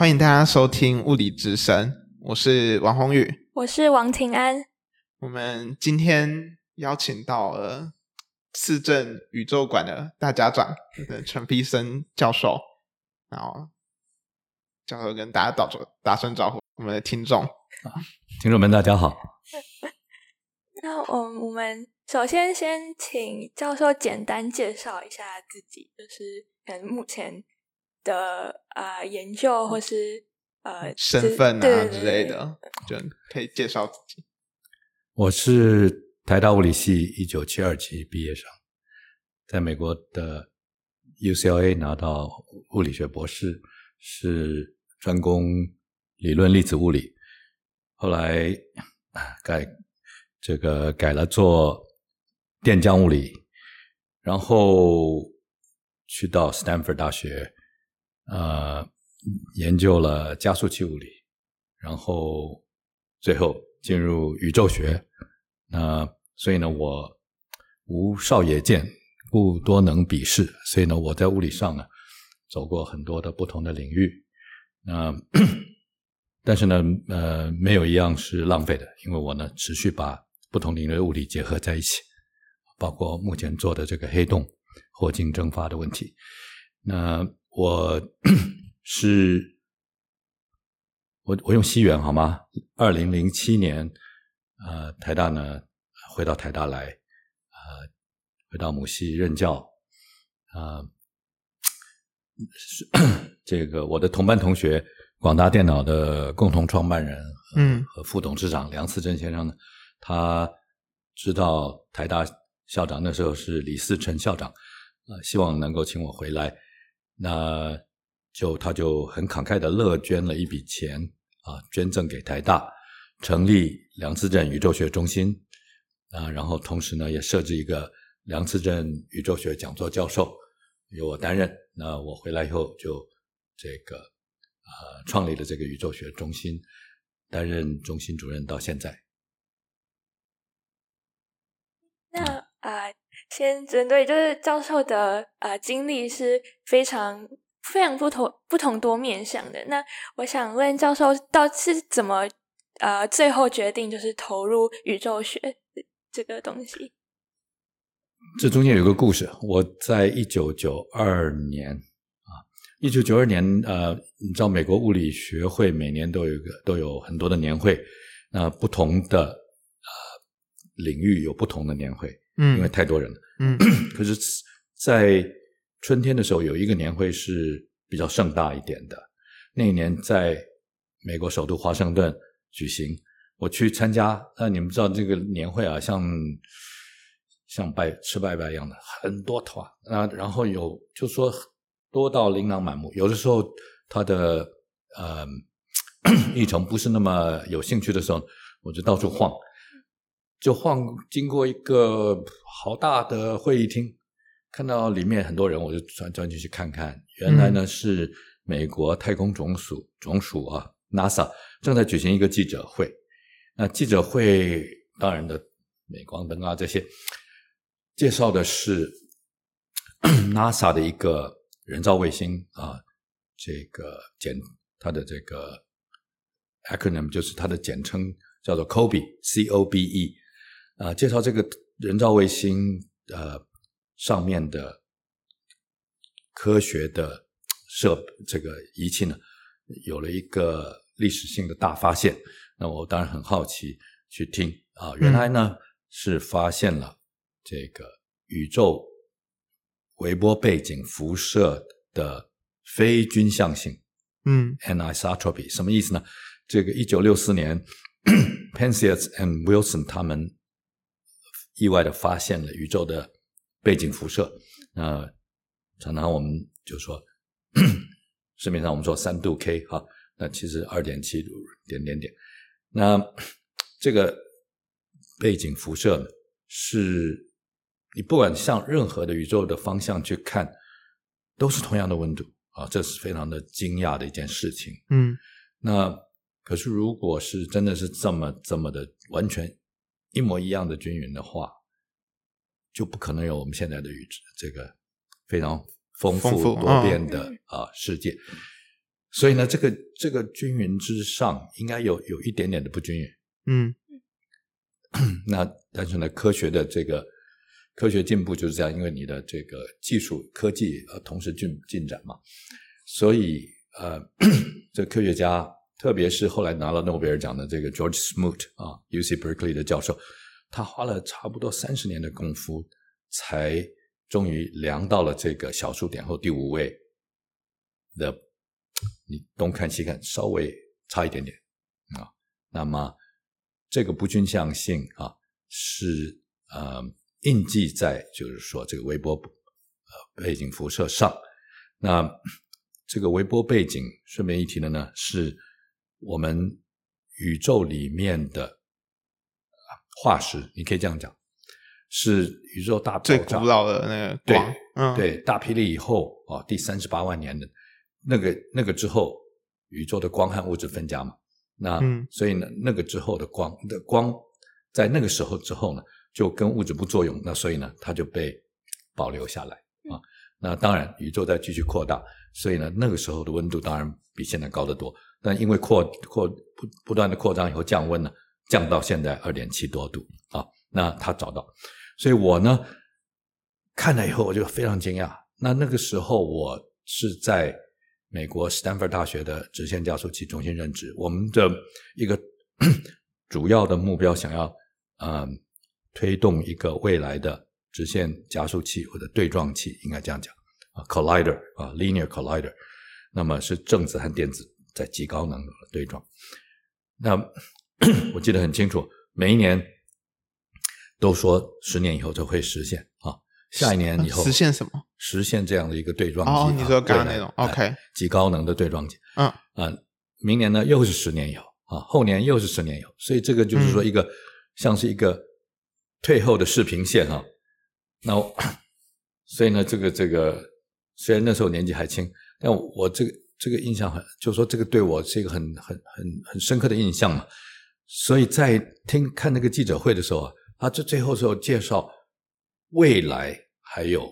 歡迎大家收聽《物理之聲》，我是王宏宇，我是王庭安。我們今天邀請到了次震宇宙館的大家長、就是、陳丕燊教授， 然後教授跟大家打個打聲招呼。我們的聽眾，聽眾們大家好。 那我我們首先先請教授簡單介紹一下自己，就是可能目前。的啊、呃，研究或是呃身份啊之類的，對對對就可以介紹自己。我是台大物理系一九七二級畢業生，在美國的 UCLA 拿到物理學博士，是專攻理論粒子物理。後來啊改這個改了做電漿物理，然後去到 Stanford 大學。呃，研究了加速器物理，然後最後進入宇宙學。那、呃、所以呢，吾少也賤，故多能鄙事。所以呢，我在物理上呢走過很多的不同的領域。那、呃、但是呢，呃，沒有一樣是浪費的，因為我呢持續把不同領域的物理結合在一起，包括目前做的這個黑洞霍金蒸發的問題。那、呃我是我我用西元好嗎？二零零七年，呃，台大呢回到台大來，呃，回到母系任教，啊、呃，這個我的同班同學，廣達電腦的共同創辦人，嗯，和副董事長梁次震先生呢，他知道台大校長那時候是李嗣涔校長，啊、呃，希望能夠請我回來。那就他就很慷慨地樂捐了一筆錢啊，捐贈給台大，成立梁次震宇宙學中心啊，然後同時呢也設置一個梁次震宇宙學講座教授，由我擔任。那我回來以後就這個啊，創立了這個宇宙學中心，擔任中心主任到現在。啊、呃，先針對就是教授的啊、呃、經歷是非常非常不同不同多面向的。那我想問教授，到底是怎麼啊、呃、最後決定就是投入宇宙學這個東西？這中間有一個故事。我在一九九二年啊，一九九二年啊，你知道美國物理學會每年都有一個、都有很多的年會，那、啊、不同的啊領域有不同的年會。嗯，因為太多人了。嗯，可是，在春天的時候，有一個年會是比較盛大一點的。那一年在美國首都華盛頓舉行，我去參加。那你們知道這個年會啊，像像拜吃拜拜一樣的，很多團。啊，然後有就說多到琳琅滿目。有的時候他的呃，議 程不是那麼有興趣的時候，我就到處晃。就晃經過一個好大的會議廳，看到裡面很多人，我就轉轉進去看看。原來呢、嗯、是美國太空總署總署啊，NASA 正在舉行一個記者會。那記者會當然的鎂光燈啊這些，介紹的是 NASA 的一個人造衛星啊，這個簡它的這個 acronym 就是它的簡稱叫做 COBE，C-O-B-E。O B e, 啊、呃，介紹這個人造衛星呃上面的科學的設這個儀器呢，有了一個歷史性的大發現。那我當然很好奇去聽啊、呃，原來呢、嗯、是發現了這個宇宙微波背景輻射的非均向性，嗯，anisotropy 什麼意思呢？這個一九六四年 Penzias, and Wilson 他們。意外的發現了宇宙的背景輻射。那常常我們就說，市面 上我們說三度 K，哈、啊，那其實二點七度點點點。那這個背景輻射呢，是你不管向任何的宇宙的方向去看，都是同樣的溫度啊，這是非常的驚訝的一件事情。嗯。那可是如果是真的是這麼這麼的完全。一模一樣的均勻的話，就不可能有我們現在的宇宙這個非常豐富多變的、哦、啊世界。所以呢，這個這個均勻之上應該有有一點點的不均勻。嗯， 那但是呢，科學的這個科學進步就是這樣，因為你的這個技術、科技，呃同時進進展嘛，所以呃， 這科學家。特別是後來拿了諾貝爾獎的這個 George Smoot 啊，UC Berkeley 的教授，他花了差不多三十年的功夫，才終於量到了這個小數點後第五位的，那你東看西看，稍微差一點點啊。那麼這個不均向性啊，是呃印記在就是說這個微波背景輻射上。那這個微波背景，順便一提的呢是。我們宇宙裡面的化石，你可以這樣講，是宇宙大最古老的那個光，對、嗯、對，大霹靂以後啊、哦，第三十八萬年的那個那個之後，宇宙的光和物質分家嘛，那、嗯、所以呢，那個之後的光的光在那個時候之後呢，就跟物質不作用，那所以呢，它就被保留下來啊。那當然，宇宙在繼續擴大，所以呢，那個時候的溫度當然比現在高得多。但因為擴擴不不斷的擴張以後降溫了，降到現在二點七多度啊。那他找到，所以我呢看了以後我就非常驚訝。那那個時候我是在美國 Stanford 大學的直線加速器中心任職，我們的一個主要的目標想要啊、呃、推動一個未來的直線加速器或者對撞器，應該這樣講啊 Collider 啊 Linear Collider，那麼是正子和電子。在極高能的對撞，那 我記得很清楚，每一年都說十年以後就會實現啊，下一年以後實現什麼？實現這樣的一個對撞機、哦、你說幹那種、啊、？OK，極高能的對撞機。嗯、啊、明年呢又是十年以後啊，後年又是十年以後，所以這個就是說一個、嗯、像是一個退後的視頻線啊。那我所以呢，這個這個，雖然那時候年紀還輕，但我，我這個。這個印象很，就是說，這個對我是一個很、很、很、很深刻的印象嘛。所以在聽看那個記者會的時候啊，他這最後時候介紹未來還有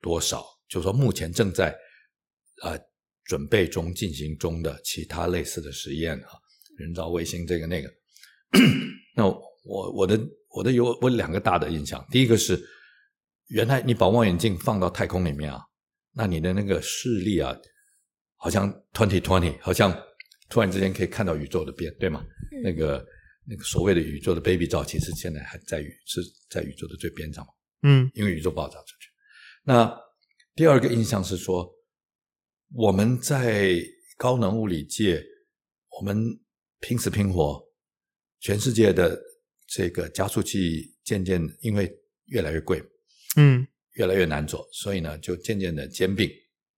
多少，就是說目前正在啊、呃、準備中、進行中的其他類似的實驗啊，人造衛星這個那個。 那我我的我的有我兩個大的印象，第一個是原來你把望遠鏡放到太空裡面啊，那你的那個視力啊。好像 twenty twenty，好像突然之間可以看到宇宙的邊，對嗎？嗯、那個那個所謂的宇宙的 baby 照，其實現在還在宇是在宇宙的最邊上嘛？嗯，因為宇宙爆炸出去。嗯、那第二個印象是說，我們在高能物理界，我們拼死拼活，全世界的這個加速器漸漸因為越來越貴，嗯，越來越難做，所以呢，就漸漸的兼併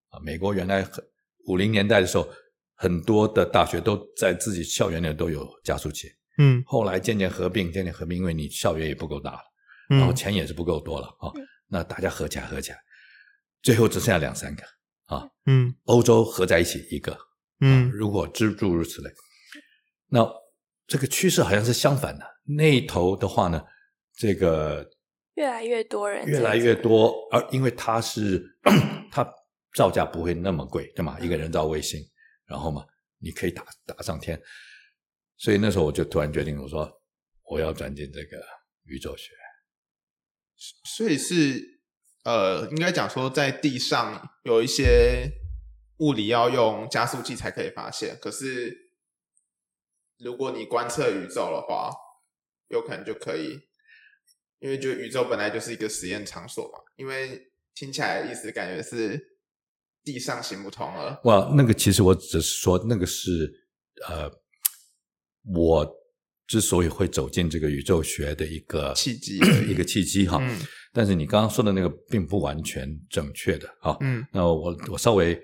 啊，美國原來很。五零年代的時候，很多的大學都在自己校園裡都有加速器。嗯，後來漸漸合併，漸漸合併，因為你校園也不夠大了，嗯、然後錢也是不夠多了、嗯、啊。那大家合起來，合起來，最後只剩下兩三個啊。嗯，歐洲合在一起一個。嗯、啊，如果諸如此類，嗯、那這個趨勢好像是相反的。那一頭的話呢，這個越來越多人，越來越多，而因為他是咳咳他。造價不會那麼貴，對嗎？一個人造衛星，嗯、然後嘛，你可以打打上天。所以那時候我就突然決定，我說我要轉進這個宇宙學。所以是呃，應該講說，在地上有一些物理要用加速器才可以發現，可是如果你觀測宇宙的話，有可能就可以，因為就宇宙本來就是一個實驗場所嘛。因為聽起來的意思感覺是。地上行不通了。哇，wow, 那個其實我只是說，那個是呃，我之所以會走進這個宇宙學的一個契機， 一個契機哈。哦嗯、但是你剛剛說的那個並不完全正確的哈。哦嗯、那我我稍微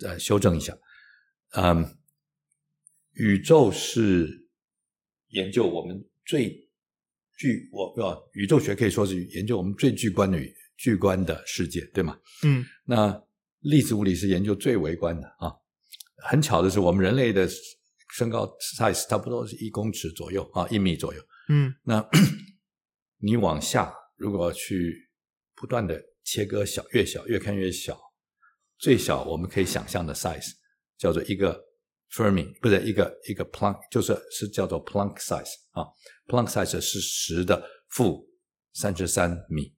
呃修正一下。嗯，宇宙是研究我們最巨，我宇宙學可以說是研究我們最巨觀的巨觀的世界，對嗎？嗯，那。粒子物理是研究最微觀的啊！很巧的是，我們人類的身高 size 差不多是一公尺左右啊，一米左右。嗯，那 你往下如果去不斷的切割小，越小越看越小，最小我們可以想象的 size 叫做一個 Fermi，不是一個一個 Planck，就是是叫做 Planck size 啊。Planck size 是十的負三十三米，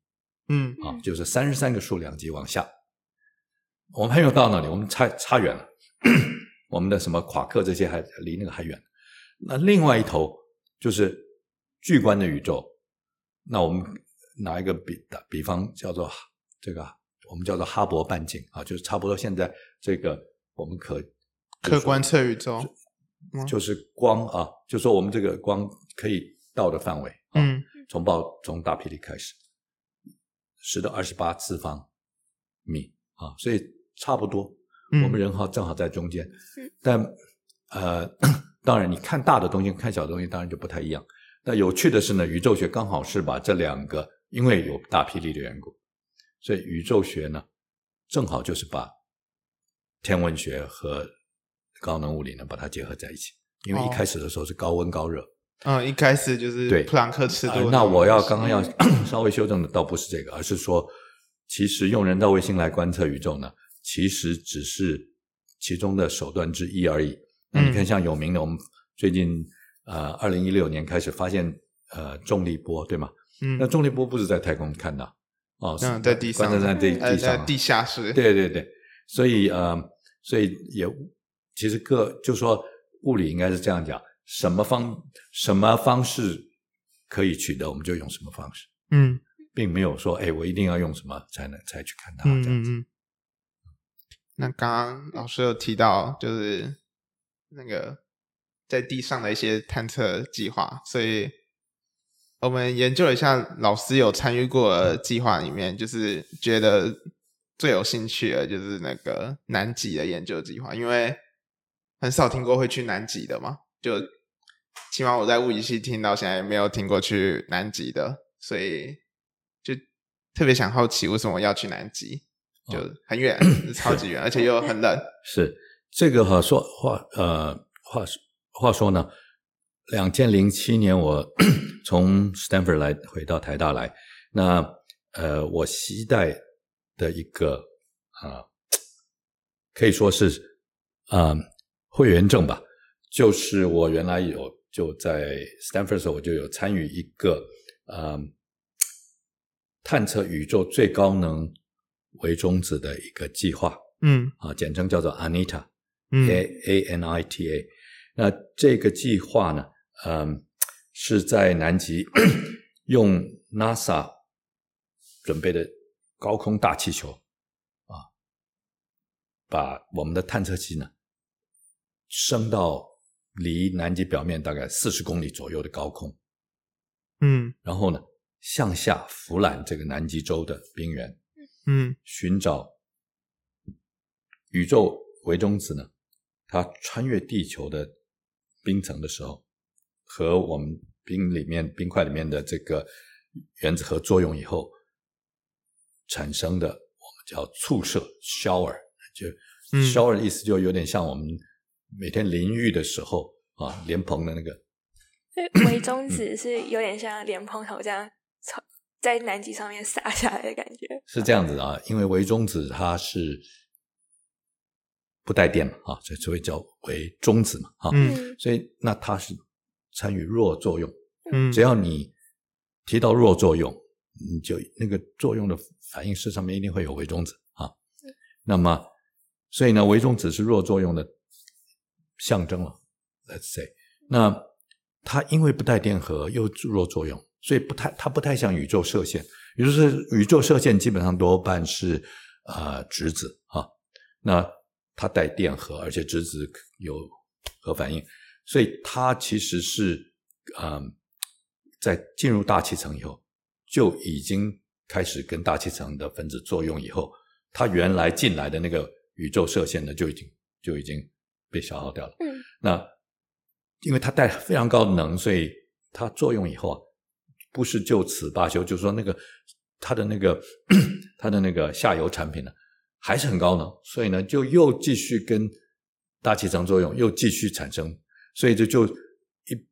嗯啊，就是三十三個數量級往下。我們還沒有到那裡，我們差差遠了。 我們的什麼夸克，這些還離那個還遠。那另外一頭就是巨觀的宇宙。那我們拿一個比比方，叫做這個，我們叫做哈勃半徑啊，就是差不多現在這個我們可可觀測宇宙，就，就是光啊，就是說我們這個光可以到的範圍。啊、嗯，從爆，從大霹靂開始，十的二十八次方米啊，所以。差不多，嗯、我們人好正好在中間，但呃，當然你看大的東西，看小的東西當然就不太一樣。那有趣的是呢，宇宙學剛好是把這兩個，因為有大霹靂的緣故，所以宇宙學呢，正好就是把天文學和高能物理呢把它結合在一起。因為一開始的時候是高溫高熱，嗯、哦，呃、一開始就是對普朗克尺度。那我要是剛剛要咳咳稍微修正的倒不是這個，而是說，其實用人造衛星來觀測宇宙呢。其實只是其中的手段之一而已。你看，像有名的，我們最近呃，二零一六年開始發現呃，重力波，對嗎？嗯。那重力波不是在太空看的哦，在地下。反正在地地下室。對對對，所以呃，所以也其實各就說物理應該是這樣講：什麼方什麼方式可以取得，我們就用什麼方式。嗯，並沒有說哎，我一定要用什麼才能才去看它這樣子。嗯嗯那剛剛老師有提到，就是那個在地上的一些探測計劃，所以我們研究了一下老師有參與過的計劃裡面，就是覺得最有興趣的，就是那個南極的研究計劃，因為很少聽過會去南極的嘛，就起碼我在物理系聽到現在也沒有聽過去南極的，所以就特別想好奇為什麼要去南極。就很遠，哦、超級遠，是而且又很冷。是這個哈，說話呃，話說話說呢，2007年我從 Stanford 來回到台大來，那呃，我期待的一個啊、呃，可以說是啊、呃、會員證吧，就是我原來有就在 Stanford 時候我就有參與一個啊、呃、探測宇宙最高能。為中子的一個計劃，嗯，啊，簡稱叫做 ANITA，嗯，A-N-I-T-A。那這個計劃呢，嗯，是在南極 用 NASA 準備的高空大氣球，啊，把我們的探測器呢升到離南極表面大概四十公里左右的高空，嗯，然後呢向下俯瞰這個南極洲的冰原。嗯，尋找宇宙微中子呢，它穿越地球的冰層的時候，和我們冰裡面冰塊裡面的這個原子核作用以後，產生的我們叫“簇射 shower”，就 “shower” 的意思，就有點像我們每天淋浴的時候、嗯、啊，蓮蓬的那個。微中子是有點像蓮蓬頭這樣。嗯在南極上面撒下來的感覺是這樣子啊，因為微中子它是不帶電嘛，啊，所以就會叫微中子嘛，啊嗯、所以那它是參與弱作用，嗯，只要你提到弱作用，你就那個作用的反應式上面一定會有微中子啊，那麼所以呢，微中子是弱作用的象徵了，Let's say，那它因為不帶電荷又弱作用。所以不太，它不太像宇宙射線。也就是宇宙射線基本上多半是啊，呃、質子啊，那它帶電荷，而且質子有核反應，所以它其實是啊、呃，在進入大氣層以後，就已經開始跟大氣層的分子作用以後，它原來進來的那個宇宙射線呢，就已經就已經被消耗掉了。嗯。那因為它帶非常高的能，所以它作用以後啊。不是就此罷休，就是說那個它的那個它的那個下游產品呢，還是很高能，所以呢就又繼續跟大氣層作用，又繼續產生，所以這就一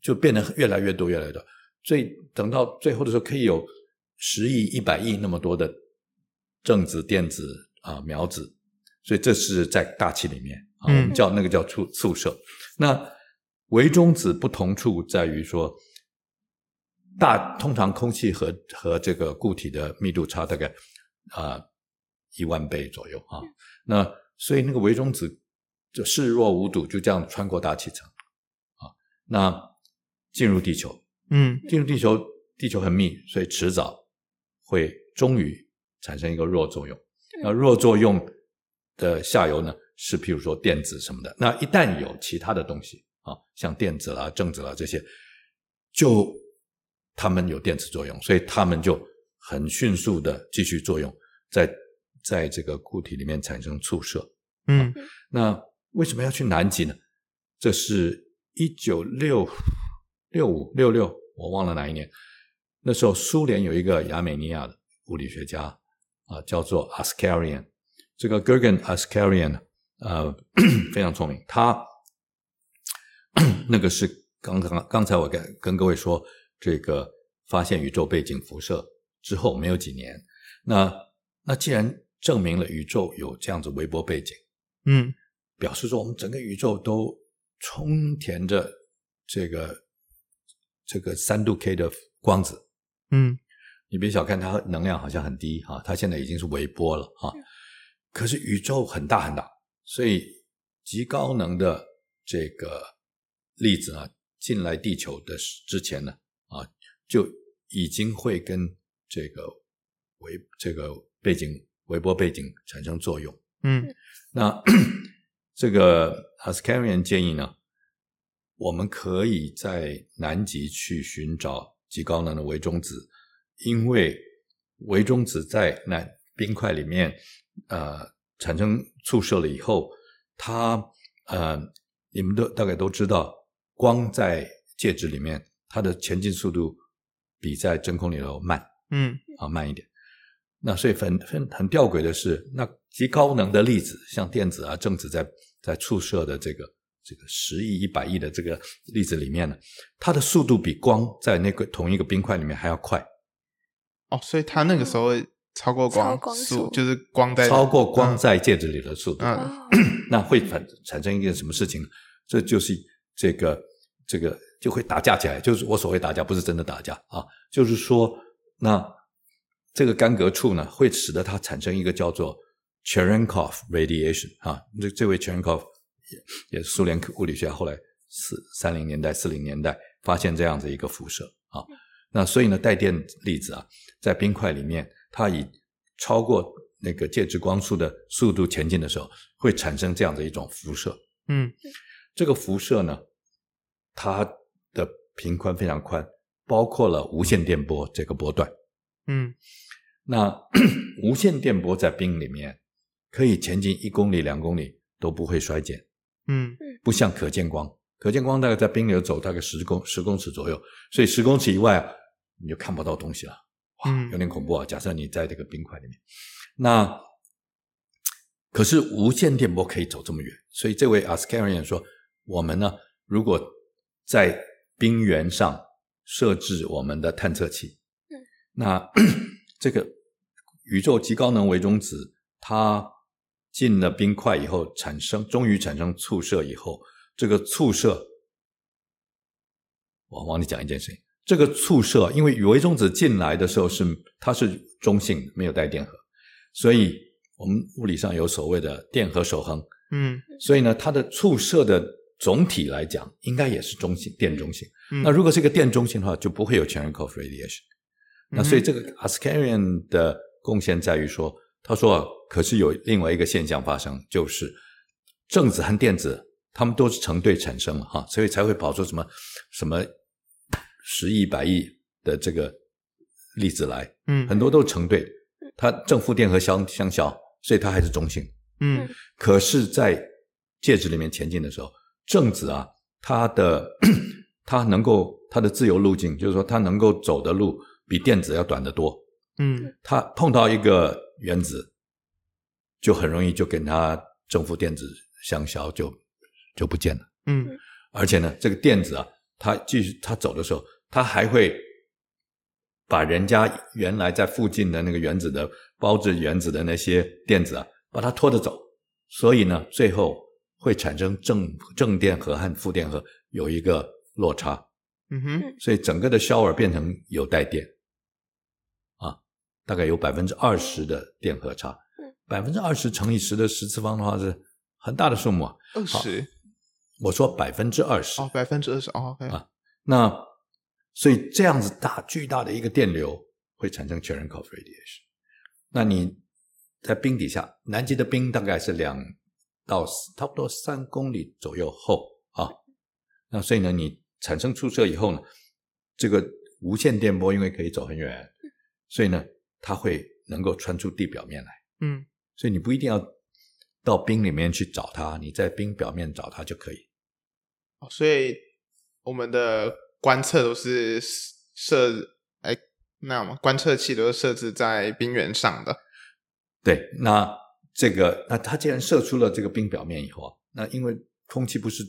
就變得越來越多，越來越多，所以等到最後的時候，可以有十億、一百億那麼多的正子、電子啊、呃、緲子，所以這是在大氣裡面、嗯、啊，我們叫那個叫簇簇射。那微中子不同處在於說。大通常空氣和和這個固體的密度差大概啊呃、一萬倍左右啊，那所以那個微中子就視若無睹，就這樣穿過大氣層啊，那進入地球，嗯，進入地球，地球很密，所以遲早會終於產生一個弱作用。那弱作用的下游呢，是譬如說電子什麼的。那一旦有其他的東西啊，像電子啦、啊、正子啦、啊、這些，就。它們有電磁作用，所以它們就很迅速的繼續作用在在這個固體裡面產生簇射。嗯、啊，那為什麼要去南極呢？這是一九六六五六六，我忘了哪一年。那時候蘇聯有一個亞美尼亞的物理學家啊、呃，叫做 Askarian，這個 Gurgen Askarian 啊、呃，非常聰明。他咳咳那個是剛剛剛才我跟跟各位說。這個發現宇宙背景輻射之後沒有幾年，那那既然證明了宇宙有這樣子微波背景，嗯，表示說我們整個宇宙都充填着這個這個三度 K 的光子，嗯，你別小看它能量好像很低啊，它現在已經是微波了啊。可是宇宙很大很大，所以極高能的這個粒子啊，進來地球的之前呢。啊，就已經會跟這個微這個背景微波背景產生作用。嗯，那呵呵這個 Askaryan 建議呢，我們可以在南極去尋找極高能的微中子，因為微中子在那冰塊裡面，呃，產生簇射了以後，它呃，你們都大概都知道，光在介質裡面。它的前進速度比在真空裡頭慢，嗯，啊慢一點。那所以很很很吊詭的是，那極高能的粒子，像電子啊、正子在，在在觸射的這個這個十億、一百億的這個粒子裡面呢，它的速度比光在那個同一個冰塊裡面還要快。哦，所以它那個時候超過光速，嗯，就是光在超過光在介質裡的速度，嗯嗯、 那會產產生一件什麼事情呢？這就是這個這個。就會打架起來，就是我所謂打架，不是真的打架啊，就是說那這個干戈處呢，會使得它產生一個叫做 Cherenkov radiation 啊，這這位 Cherenkov 也也是蘇聯物理學家，後來四三零年代、四零年代發現這樣子一個輻射啊。那所以呢，帶電粒子啊，在冰塊裡面，它以超過那個介質光速的速度前進的時候，會產生這樣的一種輻射。嗯，這個輻射呢，它。的頻寬非常寬，包括了無線電波這個波段。嗯，那 無線電波在冰裡面可以前進一公里、兩公里都不會衰減。嗯，不像可見光，可見光大概在冰裡走大概十公十公尺左右，所以十公尺以外、啊、你就看不到東西了。哇，有點恐怖啊。假設你在這個冰塊裡面，嗯、那可是無線電波可以走這麼遠，所以這位 Askaryan 說，我們呢如果在冰原上設置我們的探測器。嗯，那這個宇宙極高能微中子，它進了冰塊以後產生，終於產生簇射以後，這個簇射，我忘記講一件事情：這個簇射，因為微中子進來的時候是它是中性，沒有帶電荷，所以我們物理上有所謂的電荷守恆。嗯，所以呢，它的簇射的。總體來講，應該也是中性、電中性。嗯、那如果是一個電中性的話，就不會有 Cherenkov radiation。那所以這個 Askaryan 的貢獻在於說，他說、啊，可是有另外一個現象發生，就是正子和電子，他們都是成對產生了啊，所以才會跑出什麼什麼十億、百億的這個粒子來。嗯，很多都是成對，它正負電荷相相消，所以它還是中性。嗯，可是，在介質裡面前進的時候。正子啊，它的、它能夠、它的自由路徑，就是說它能夠走的路比電子要短得多。嗯，它碰到一個原子，就很容易就給它正負電子相消，就、就不見了。嗯，而且呢，這個電子啊，它繼續它走的時候，它還會把人家原來在附近的那個原子的包着、原子的那些電子啊，把它拖着走，所以呢，最後。會產生正正電荷和負電荷有一個落差，嗯哼，所以整個的 shower 變成有帶電，啊，大概有百分之二十的電荷差，百分之二十乘以十的十次方的話是很大的數目，啊，二十 20?，我說百分之二十，哦，百分之二十，OK 啊，那所以這樣子大巨大的一個電流會產生 Cherenkov radiation，那你在冰底下，南極的冰大概是兩。到差不多三公里左右後啊，那所以呢，你產生簇射以後呢，這個無線電波因為可以走很遠，所以呢，它會能夠穿出地表面來。嗯，所以你不一定要到冰裡面去找它，你在冰表面找它就可以。哦，所以我們的觀測都是設哎，那樣嘛觀測器都是設置在冰原上的。對，那。這個那它既然射出了這個冰表面以後啊，那因為空氣不是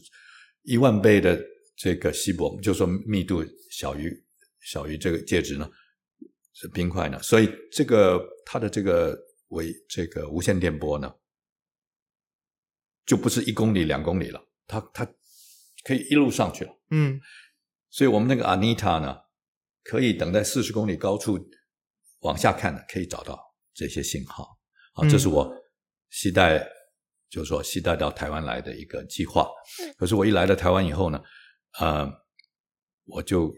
一萬倍的這個稀薄，就是說密度小於小於這個介質呢，是冰塊呢，所以這個它的這個為這個無線電波呢，就不是一公里兩公里了，它它可以一路上去了，嗯，所以我們那個 Anita 呢，可以等在四十公里高處往下看呢，可以找到這些信號，啊，嗯、這是我。期待，就是說，期帶到台灣來的一個計劃。可是我一來到台灣以後呢，啊、呃，我就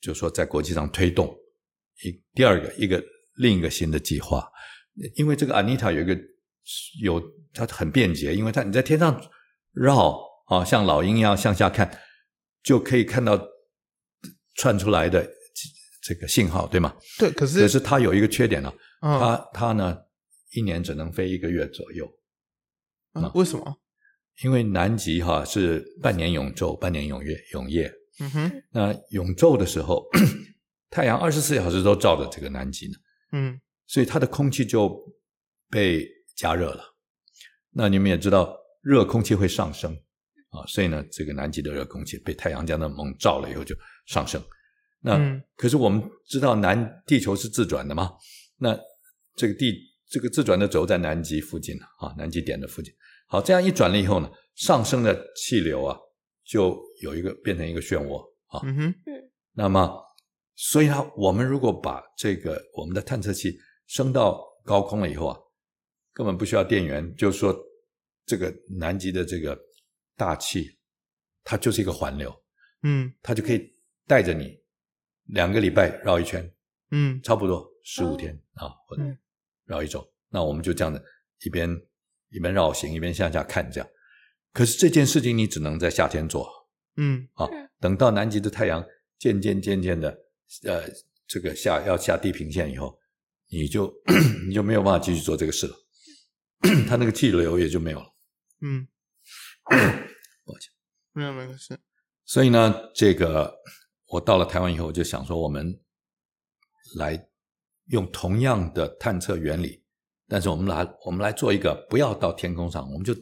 就說，在國際上推動一第二個一個另一個新的計劃，因為這個 Anita 有一個有它很便捷，因為它你在天上繞啊，像老鷹一、啊、樣向下看，就可以看到串出來的這個信號，對嗎？對，可是可是它有一個缺點呢、啊，嗯、它它呢。一年只能飛一個月左右，啊？嗎為什麼？因為南極哈、啊、是半年永晝，半年永夜，永夜。嗯哼。那永晝的時候， 太陽二十四小時都照着這個南極呢。嗯。所以它的空氣就被加熱了。那你們也知道，熱空氣會上升啊，所以呢，這個南極的熱空氣被太陽這樣猛照了以後就上升。那、嗯、可是我們知道，南地球是自轉的嘛？那這個地。這個自轉的軸在南極附近啊，南極點的附近。好，這樣一轉了以後呢，上升的氣流啊，就有一個變成一個漩渦啊。嗯，那麼，所以呢，我們如果把這個我們的探測器升到高空了以後啊，根本不需要電源，就是說，這個南極的這個大氣，它就是一個環流，嗯，它就可以帶着你兩個禮拜繞一圈，嗯，差不多十五天啊，或者繞一周，那我們就這樣子一邊一邊繞行，一邊向下，下看，這樣。可是這件事情你只能在夏天做，嗯啊，等到南極的太陽漸漸漸漸的，呃，這個下要下地平線以後，你就 你就沒有辦法繼續做這個事了，它 那個氣流也就沒有了，嗯，抱歉， 前沒有，沒關係。所以呢，這個我到了台灣以後，我就想說我們來。用同樣的探測原理，但是我們來我們來做一個，不要到天空上，我們就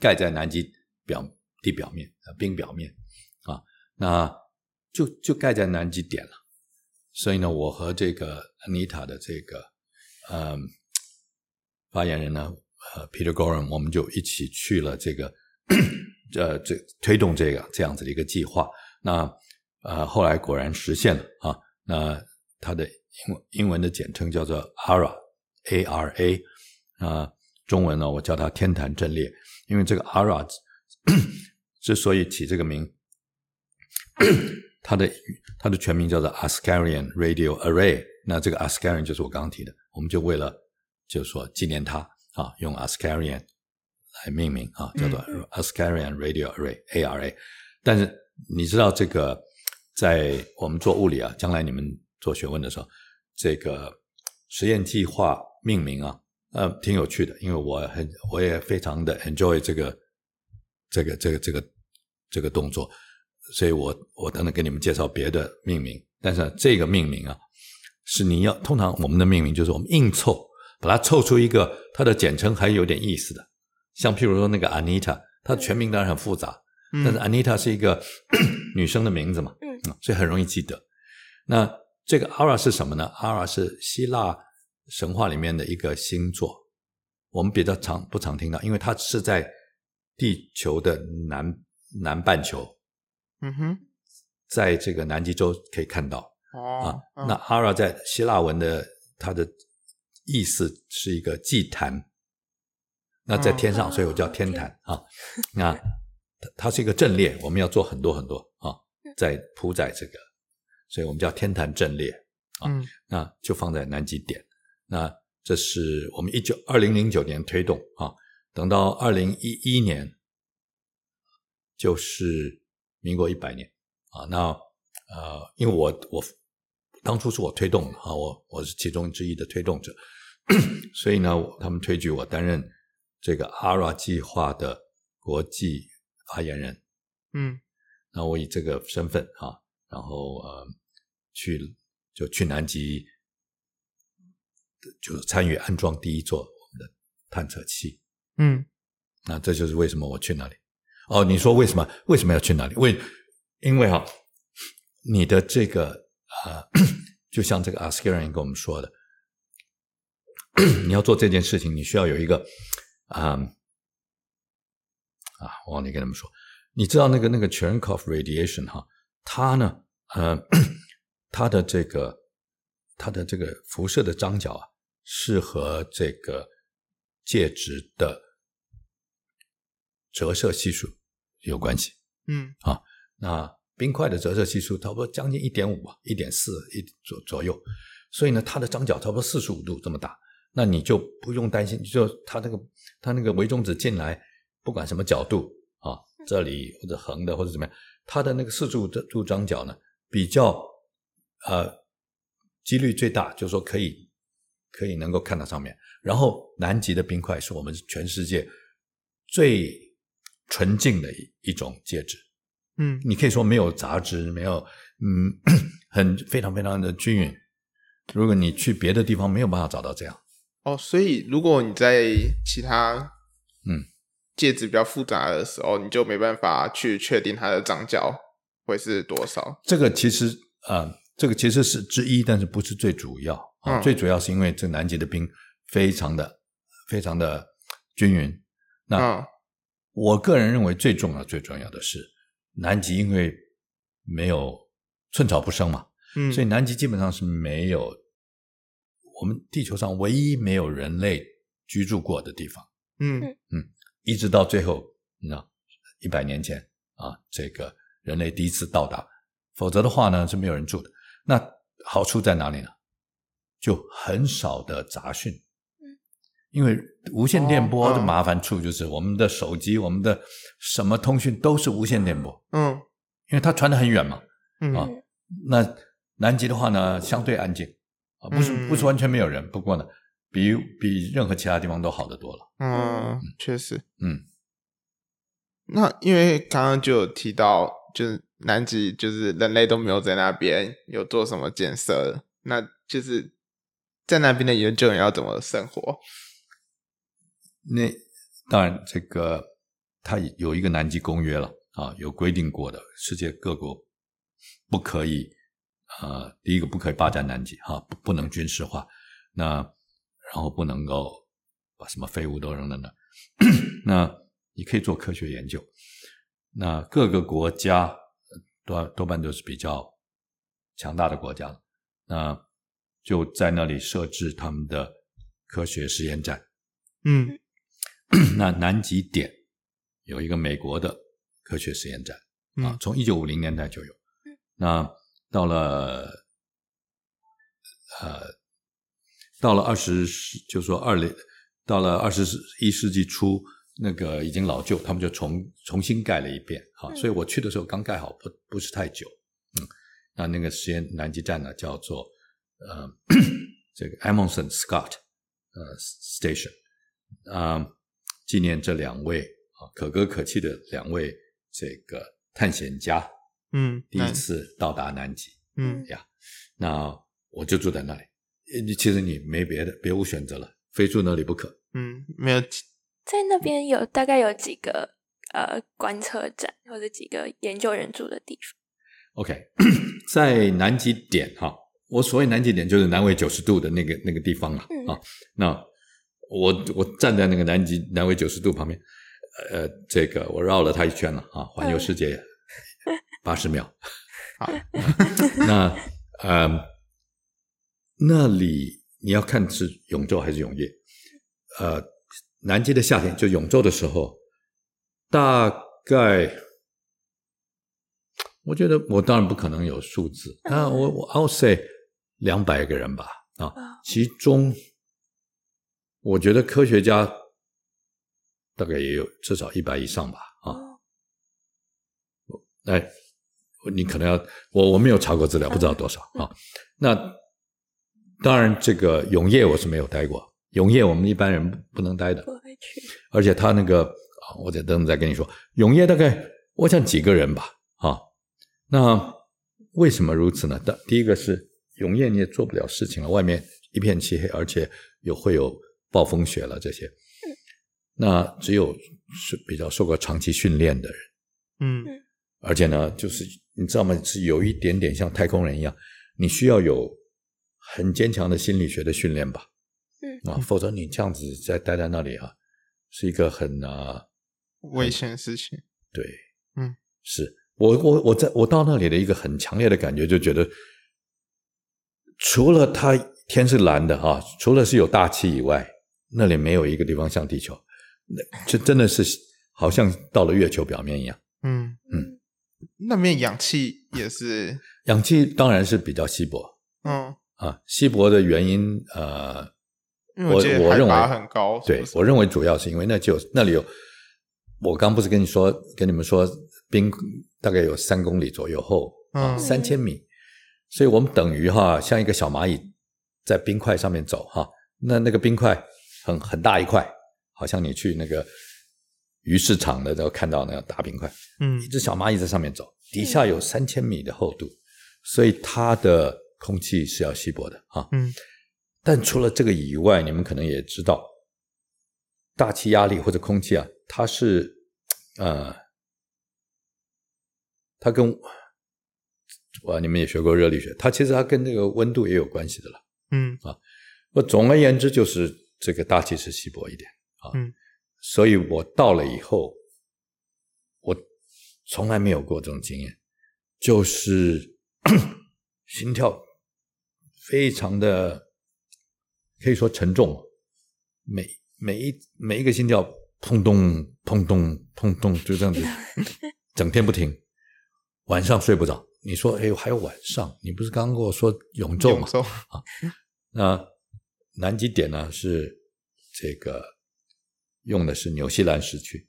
蓋在南極表地表面冰表面啊，那就就蓋在南極點了。所以呢，我和這個 Anita 的這個呃發言人呢呃 Peter Gorham 我們就一起去了這個 呃這推動這個這樣子的一個計劃。那呃後來果然實現了啊，那他的。英英文的簡稱叫做 ARA，A R A 啊、呃，中文呢，我叫它天壇陣列，因為這個 ARA 之所以起這個名，它的它的全名叫做 Ascarian Radio Array，那這個 Ascarian 就是我剛剛提的，我們就為了就是說紀念它啊，用 Ascarian 來命名啊，叫做 Ascarian Radio Array A R A，但是你知道這個，在我們做物理啊，將來你們做學問的時候。這個實驗計劃命名啊，呃，挺有趣的，因為我很我也非常的 enjoy 這個這個這個這個這個動作，所以我我等等給你們介紹別的命名，但是啊，這個命名啊，是你要通常我們的命名就是我們硬湊把它湊出一個它的簡稱還有點意思的，像譬如說那個 Anita，它的全名當然很複雜，嗯，但是 Anita 是一個 女生的名字嘛，嗯，所以很容易記得。那這個 Ara 是什麼呢？Ara 是希臘神話裡面的一個星座，我們比較常不常聽到，因為它是在地球的南南半球，嗯哼，在這個南極洲可以看到、嗯、哼啊。那 Ara 在希臘文的它的意思是一個祭壇，那在天上，所以我叫天壇啊。那它是一個陣列，我們要做很多很多啊，在鋪在這個。所以我們叫天壇陣列、嗯、啊，那就放在南極點。那這是我們一九二零零九年推動啊，等到二零一一年，就是民國一百年啊。那呃，因為我我當初是我推動的啊，我我是其中之一的推動者，嗯、所以呢，他們推舉我擔任這個 ARA 計劃的國際發言人。嗯，那我以這個身份啊。然後呃，去就去南極，就參與安裝第一座我們的探測器。嗯，那這就是為什麼我去那裡。哦，你說為什麼？哦、為什麼要去那裡？為因為哈、哦，你的這個啊、呃，就像這個 Askaryan 跟我們說的，你要做這件事情，你需要有一個啊、嗯、啊，我忘記跟他們說，你知道那個那個 Cherenkov radiation 哈、哦。它呢，呃，它的這個，它的這個輻射的張角啊，是和這個介質的折射係數有關係。嗯，啊，那冰塊的折射係數差不多將近一點五，一點四一左左右，所以呢，它的張角差不多四十五度這麼大，那你就不用擔心，就它那個它那個微中子進來，不管什麼角度啊。這裡或者橫的或者怎麼樣，它的那個45度張角呢比較呃，幾率最大，就是說可以可以能夠看到上面。然後南極的冰塊是我們全世界最純淨的一一種介質，嗯，你可以說沒有雜質，沒有嗯很非常非常的均勻。如果你去別的地方，沒有辦法找到這樣。哦，所以如果你在其他嗯。介質比較複雜的時候，你就沒辦法去確定它的張角會是多少。這個其實，呃，這個其實是之一，但是不是最主要。啊嗯、最主要是因為這南極的冰非常的、嗯、非常的均勻。那、嗯、我個人認為最重要、最重要的，是南極因為沒有寸草不生嘛，嗯，所以南極基本上是沒有我們地球上唯一沒有人類居住過的地方。嗯嗯。嗯一直到最後，那一百年前啊，這個人類第一次到達，否則的話呢是沒有人住的。那好處在哪裡呢？就很少的雜訊，嗯，因為無線電波的麻煩處就是我們的手機、哦嗯、我們的什麼通訊都是無線電波，嗯，因為它傳得很遠嘛，啊、嗯，那南極的話呢相對安靜，啊，不是不是完全沒有人，不過呢。比比任何其他地方都好得多了。嗯，嗯確實。嗯，那因為剛剛就有提到，就是南極，就是人類都沒有在那邊有做什麼建設。那就是在那邊的研究員要怎麼生活？那當然，這個它有一個南極公約了啊，有規定過的，世界各國不可以呃，第一個不可以霸佔南極啊，不、不能軍事化。那然後不能夠把什麼廢物都扔了呢？ 那你可以做科學研究。那各個國家多多半都是比較強大的國家，那就在那裡設置他們的科學實驗站。嗯， 那南極點有一個美國的科學實驗站，嗯，啊，從一九五零年代就有。那到了，呃。到了二十，就說二零，到了二十一世紀初，那個已經老舊，他們就重重新蓋了一遍啊。嗯、所以我去的時候剛蓋好，不不是太久。嗯，那那個時間南極站呢，叫做嗯、呃、這個 Amundsen Scott 呃 station，嗯、呃、紀念這兩位啊可歌可泣的兩位這個探險家，嗯，第一次到達南極，嗯，嗯呀，那我就住在那裡。你其實你沒別的，別無選擇了，非住那裡不可。嗯，沒有。在那邊有大概有幾個呃觀測站，或者幾個研究人住的地方。OK，在南極點哈，我所謂南極點就是南緯九十度的那個那個地方了啊、嗯。那我我站在那個南極南緯九十度旁邊，呃，這個我繞了它一圈了啊，環遊世界八十、嗯、 秒。好， 那呃。那裡你要看是永晝還是永夜，呃，南極的夏天就永晝的時候，大概，我覺得我當然不可能有數字，那我我 I'll say 兩百個人吧，啊，其中，我覺得科學家大概也有至少一百以上吧，啊，哎，你可能要我我沒有查過資料，不知道多少啊，那。當然，這個永夜我是沒有待過。永夜我們一般人不能待的，不會去。而且他那個，我在等等再跟你說，永夜大概我想幾個人吧，啊，那為什麼如此呢？第第一個是永夜你也做不了事情了，外面一片漆黑，而且有會有暴風雪了這些。那只有是比較受過長期訓練的人，嗯，而且呢，就是你知道嗎？是有一點點像太空人一樣，你需要有。很堅強的心理學的訓練吧，嗯、啊，否則你這樣子再待在那裡啊，是一個很啊危險的事情。嗯、對，嗯，是我我我在我到那裡的一個很強烈的感覺，就覺得除了它天是藍的啊，除了是有大氣以外，那裡沒有一個地方像地球，那這真的是好像到了月球表面一樣。嗯嗯，嗯那面氧氣也是，氧氣當然是比較稀薄。嗯。啊，稀薄的原因，呃，我我，是是我認為很高，對，我認為主要是因為那就那裡有，我剛不是跟你說跟你們說冰大概有三公里左右厚，啊、嗯、三千米，所以我們等於哈像一個小螞蟻在冰塊上面走哈、啊，那那個冰塊很很大一塊，好像你去那個魚市場的都看到那個大冰塊，嗯，一隻小螞蟻在上面走，底下有三千米的厚度，所以它的，嗯空氣是要稀薄的啊，嗯，但除了這個以外，你們可能也知道，大氣壓力或者空氣啊，它是呃它跟我你們也學過熱力學，它其實它跟這個溫度也有關係的了，嗯啊，我總而言之就是這個大氣是稀薄一點啊，嗯、所以我到了以後，我從來沒有過這種經驗，就是 心跳。非常的可以說沉重，每每一每一個心跳，砰咚砰咚砰咚，就這樣子，整天不停，晚上睡不着。你說，哎呦，還有晚上？你不是剛，剛跟我說永晝嗎？永晝。啊，那南極點呢？是這個用的是紐西蘭時區，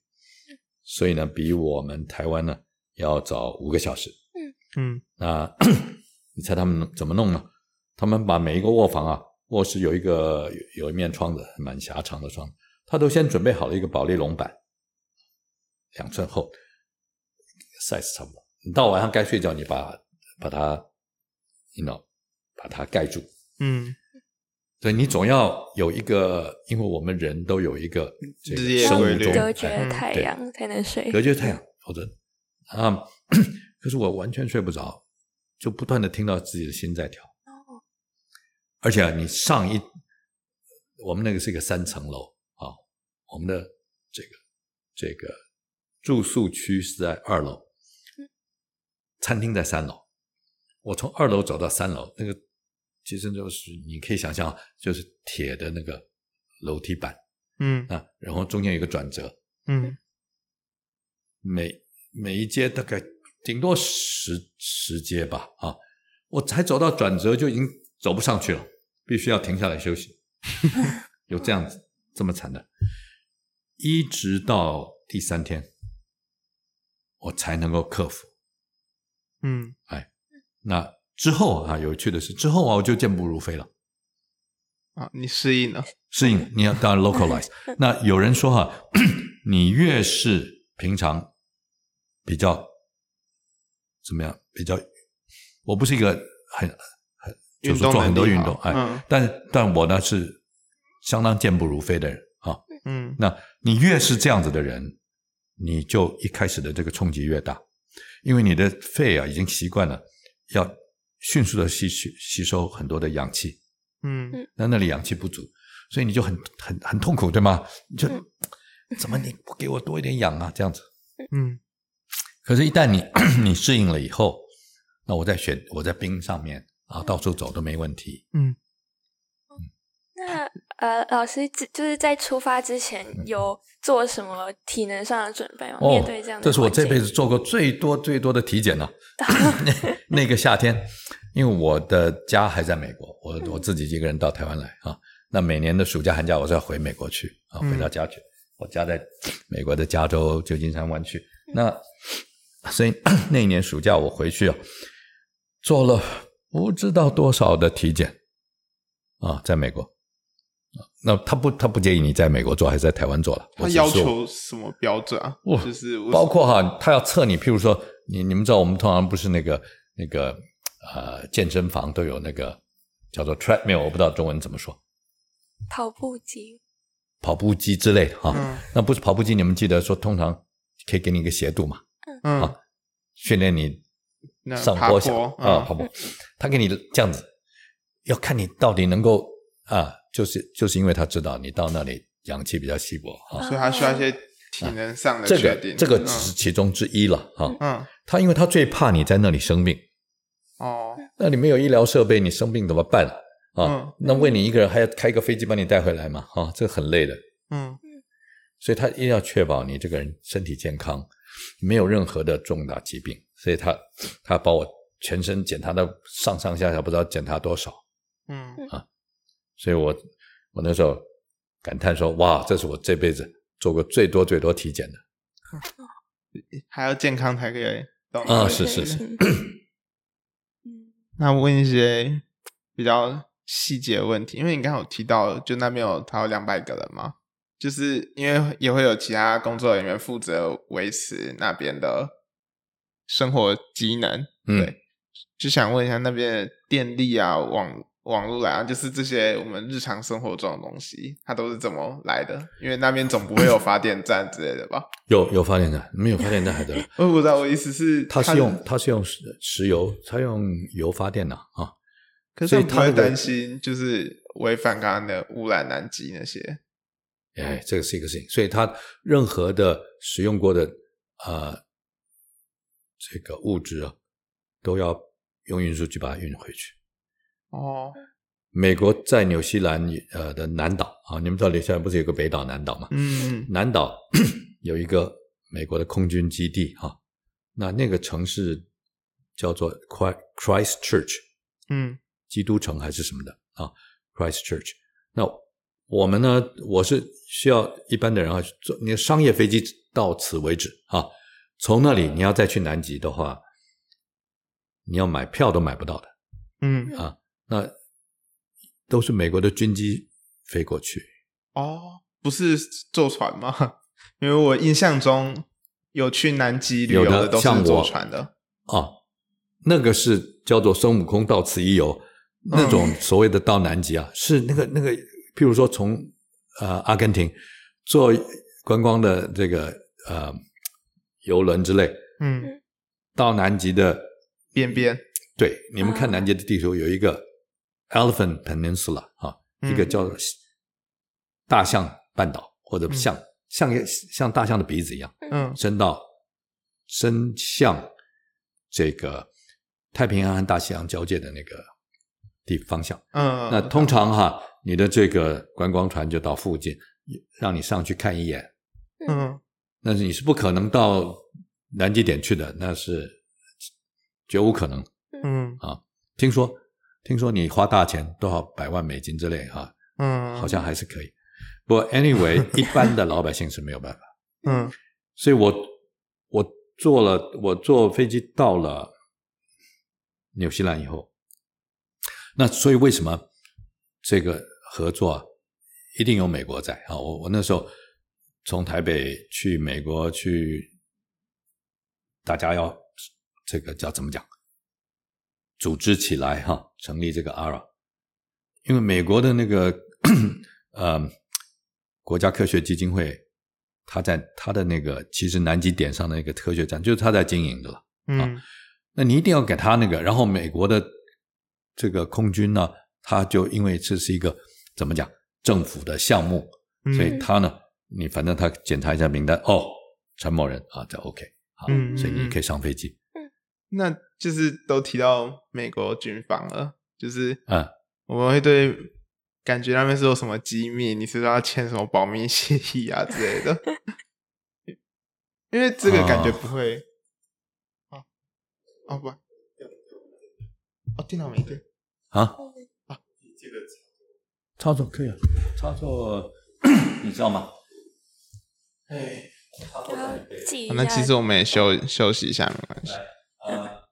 所以呢，比我們台灣呢要早五個小時。嗯嗯，那 你猜他們怎麼弄呢？他們把每一個臥房啊，臥室有一個有,有一面窗子，蠻狹長的窗子，他都先準備好了一個保麗龍板，兩寸厚，size 差不多。你到晚上該睡覺，你把把它，u you know，把它蓋住。嗯，對，你總要有一個，因為我們人都有一個,這個生物鐘、嗯，隔絕太陽才能睡，隔絕太陽否則，啊， 可是我完全睡不着，就不斷地聽到自己的心在跳。而且啊，你上一我們那個是一個三層樓啊，我們的這個這個住宿區是在二樓，餐廳在三樓。我從二樓走到三樓，那個其實就是你可以想象，就是鐵的那個樓梯板，嗯啊，然後中間有一個轉折，嗯，每每一階大概頂多十十階吧啊，我才走到轉折就已經走不上去了。必須要停下來休息， 有這樣子 這麼慘的，一直到第三天，我才能夠克服。嗯，哎，那之後啊，有趣的是，之後啊，我就健步如飛了。啊，你適應了？適應，你要當然 localize。 那有人說哈、啊，你越是平常比較怎麼樣，比較，我不是一個很。就是做很多運動，運動嗯、哎，但但我呢是相當健步如飛的人啊。嗯，那你越是這樣子的人，你就一開始的這個衝擊越大，因為你的肺啊已經習慣了要迅速的吸吸收很多的氧氣。嗯，那那裡氧氣不足，所以你就很很很痛苦，對嗎？你就、嗯、怎麼你不給我多一點氧啊？這樣子。嗯，可是，一旦你 你適應了以後，那我在選我在冰上面。啊，到處走都沒問題。嗯，嗯那呃，老師就是在出發之前有做什麼體能上的準備嗎？哦、面對這樣的，這是我這輩子做過最多最多的體檢了、啊。 那個夏天，因為我的家還在美國，我我自己一個人到台灣來、嗯、啊。那每年的暑假寒假，我是要回美國去啊，回到家去。嗯、我家在美國的加州舊金山灣區。那、嗯、所以那一年暑假我回去啊，做了。不知道多少的體檢啊，在美國啊，那他不，他不介意你在美國做，還是在台灣做了？他要求什麼標準啊？就是、哦、包括哈、啊，他要測你，譬如說，你你們知道，我們通常不是那個那個呃健身房都有那個叫做 treadmill，我不知道中文怎麼說，跑步機，跑步機之類的哈。啊嗯、那不是跑步機，你們記得說，通常可以給你一個斜度嘛，嗯嗯、啊。訓練你。上坡、下坡啊，爬坡。他給你這樣子，要看你到底能夠啊，就是就是因為他知道你到那裡氧氣比較稀薄啊，嗯、所以他需要一些體能上的確定、嗯啊、這定、個，這個只是其中之一了啊，嗯，他因為他最怕你在那裡生病哦，那、嗯、你沒有醫療設備，你生病怎麼辦啊？嗯、那為你一個人還要開個飛機把你帶回來嘛啊，這個很累的，嗯，所以他一定要確保你這個人身體健康，沒有任何的重大疾病。所以他他把我全身檢查到上上下下不知道檢查多少，嗯啊，所以我我那時候感嘆說哇，這是我這輩子做過最多最多體檢的，還要健康才可以啊！是是是， 嗯， 那我問一些比較細節的問題，因為你剛剛有提到，就那邊有他有兩百個人嘛，就是因為也會有其他工作人員負責維持那邊的。生活機能，對，嗯，就想問一下那邊的電力啊、網網絡啊，就是這些我們日常生活中的東西，它都是怎麼來的？因為那邊總不會有發電站之類的吧？有有發電站，沒有發電站還得了？ 我不知道，我意思是，它是用它，的它是用石油，它用油發電的啊。可是所以它，它會擔心，就是違反剛剛的污染南極那些。哎，哎，這個是一個事情，所以它任何的使用過的呃。這個物質啊，都要用運輸機把它運回去。哦，美國在紐西蘭呃的南島啊，你們知道紐西蘭不是有個北島南島嗎？嗯，南島有一個美國的空軍基地啊，那那個城市叫做 Christ Christchurch，嗯，基督城還是什麼的啊，Christchurch。那我們呢？我是需要一般的人啊，做你的商業飛機到此為止啊。從那裡你要再去南極的話，你要買票都買不到的，嗯啊，那都是美國的軍機飛過去。哦，不是坐船嗎？因為我印象中有去南極旅遊的都是坐船的，的哦，那個是叫做“孫悟空到此一遊”那種所謂的到南極啊，嗯、是那個那個，譬如說從呃阿根廷坐觀光的這個呃。遊輪之類，嗯，到南極的邊邊，對，你們看南極的地圖，有一個 Elephant Peninsula 啊、嗯，一個叫大象半島，或者像、嗯、像像大象的鼻子一樣，嗯，伸到伸向這個太平洋和大西洋交界的那個地方向，嗯，那通常哈，嗯、你的這個觀光船就到附近，讓你上去看一眼，嗯。但是你是不可能到南極點去的，那是絕無可能。嗯啊，聽說聽說你花大錢多少百萬美金之類哈，啊、嗯，好像還是可以。不過 anyway， 一般的老百姓是沒有辦法。嗯，所以我我坐了我坐飛機到了紐西蘭以後，那所以為什麼這個合作一定有美國在啊？我我那時候。從台北去美國去，大家要這個叫怎麼講？組織起來哈、啊，成立這個 ARA，因為美國的那個呃、嗯、國家科學基金會，他在他的那個其實南極點上的一個科學站，就是他在經營的了、啊。嗯，那你一定要給他那個，然後美國的這個空軍呢，他就因為這是一個怎麼講政府的項目，所以他呢。嗯你反正他檢查一下名單哦，陳某人啊，就 OK 啊，嗯、所以你可以上飛機。那就是都提到美國軍方了，就是嗯，我們會對感覺那邊是有什麼機密，你是不是要簽什麼保密協議啊之類的， 因為這個感覺不會啊啊，啊不啊、哦，電腦沒電啊啊，啊你這個操作可以啊，操作你知道嗎？好，那其實我們也休休息一下，Yeah. 沒關係。Right. Um